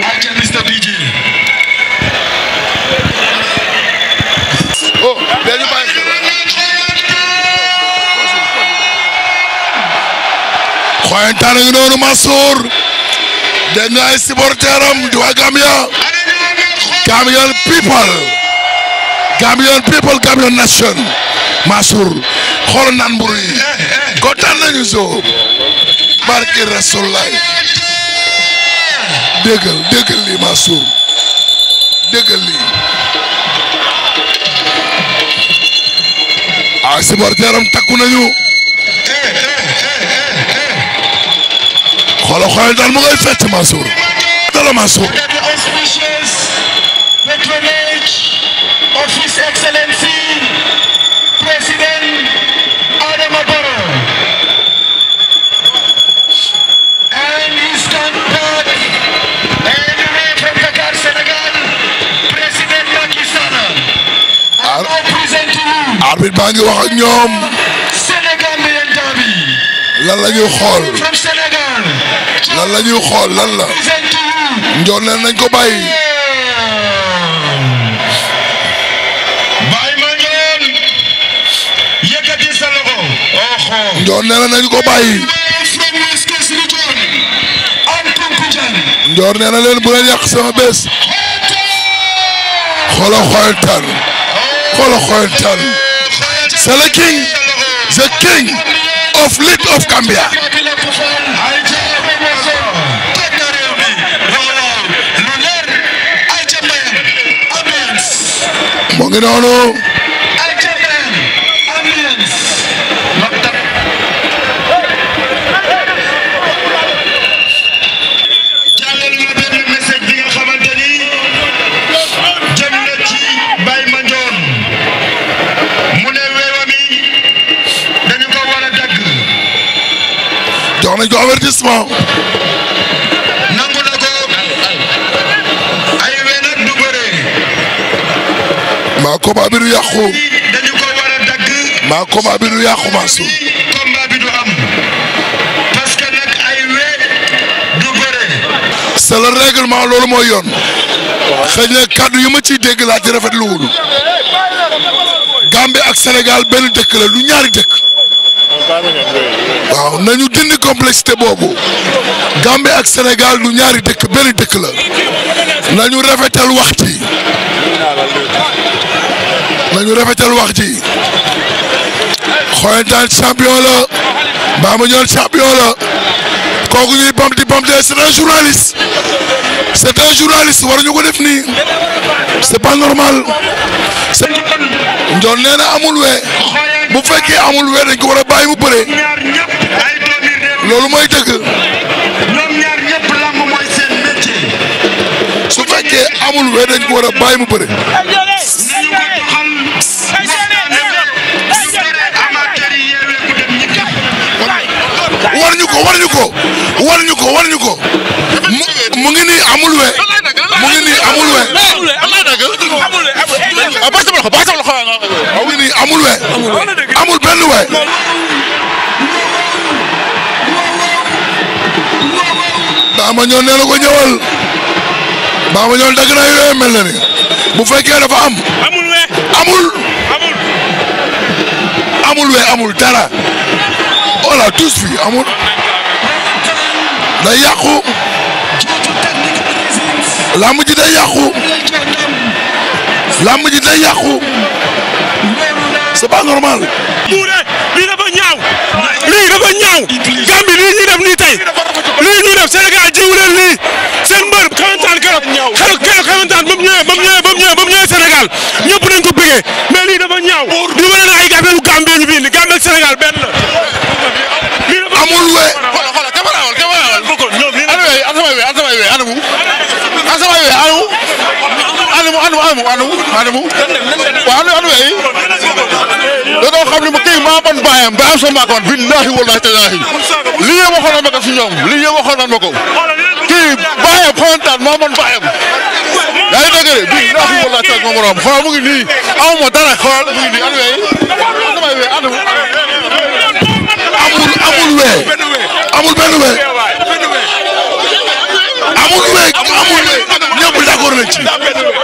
Watch out, Mr. BG. a bike. Xoyantaan ngi noonu Mansour dégg ay supporter am di waa Gambia Gambian people Gambian people Gambian nation Mansour nañu so barki Rasulullah déggal déggal lii Mansour déggal lii ay supporter am takku nañu xoolal xoolal daal mu ngay fecc Mansour dala Mansour Office Excellency baa ngi wax ak ñoom. Sénégal bi yéen temps bi. lan la ñuy xool. from Sénégal. lan la ñuy xool lan la. njoon leen nañ ko bàyyi. bàyyi ma njoon. yëkkati sa loxo. oho. njoon leen nañ ko bàyyi. njoor nee na leen bu leen yàq sama bés. xoolal xoyantaan xoolal xoyantaan C'est le king, the king of lit of Gambia. mu ngi noonu nañ ko avertissement. nangu na ko. ay we nag du bëree. maa combat bi dagg. maa combat bi du yàqu maa bi du am. parce nag ay we du bëree. c'est loolu mooy yoon. xëy na yi ma ciy dégg laa ci rafetlu wul. ak Sénégal benn dëkk la lu ñaari dëkk. waaw nañu dindi complexité boobu Gambie ak Sénégal du ñaari dëkk benn dëkk la nañu rafetal wax ji nañu rafetal wax ji Xoyantaan champion la Bamba Ndione champion la kooku ñuy bam di bamtee c'est un journaliste c'est un journaliste waruñu ko def nii c'est pas normal c'est Ndione na amul wee bu fekkee amul wee dañ ko war a bàyyi mu bëree loolu mooy dëgg. ñoom ñaar amul wéy dañ ko war a bàyyi mu bëre. war ñu ko wal ñu ko war ñu ko war ñu ko mu ngi nii amul we mu ngi nii amul we ah, amul benn we Baama ñoon nee na ko ñëwal Baama ñoon dagg na yooyu mel na ni bu fekkee dafa am. amul amul. amul. amul we amul dara voilà tous fi amul day yàqu làmb ji day yàqu làmb ji day yàqu c'est pas normal. lii dafa ñaaw lii dafa ñaaw. Gambie lii ñu def lii ñu def Sénégal jiwu leen lii seen mbër xamantaan keroog keroog keroog xamantaan ba mu ñëwee ba mu ñëwee ba mu ñëwee ba mu ñëwee Sénégal ñëpp nañ ko bëggee mais lii dafa ñaaw. di wane ne ay gàmbe yu gàmbe ñu fi indi gàmbe ak Sénégal benn la. amul we xoolal xoolal caméraawal caméraawal bokkul ñoom lii la. asamay we asamay we anamu. asamay we anamu. anamu anamu anamu anamu. doon bàyyam ba am sama maak man billaahi wallaahi tallaahi lii yëpp waxoon na ma ko si ñoom lii yëpp waxoon na ma ko kii bàyyam xontaan moo man bàyyam yaa ngi dégg de billaahi wallaahi tallaahi moom morom xool mu ngi nii amu ma dara xool mu ngi nii an wey damay wey anu amul amul wey amul benn wey amul wey amul wey ñëpp d'accord nañ ci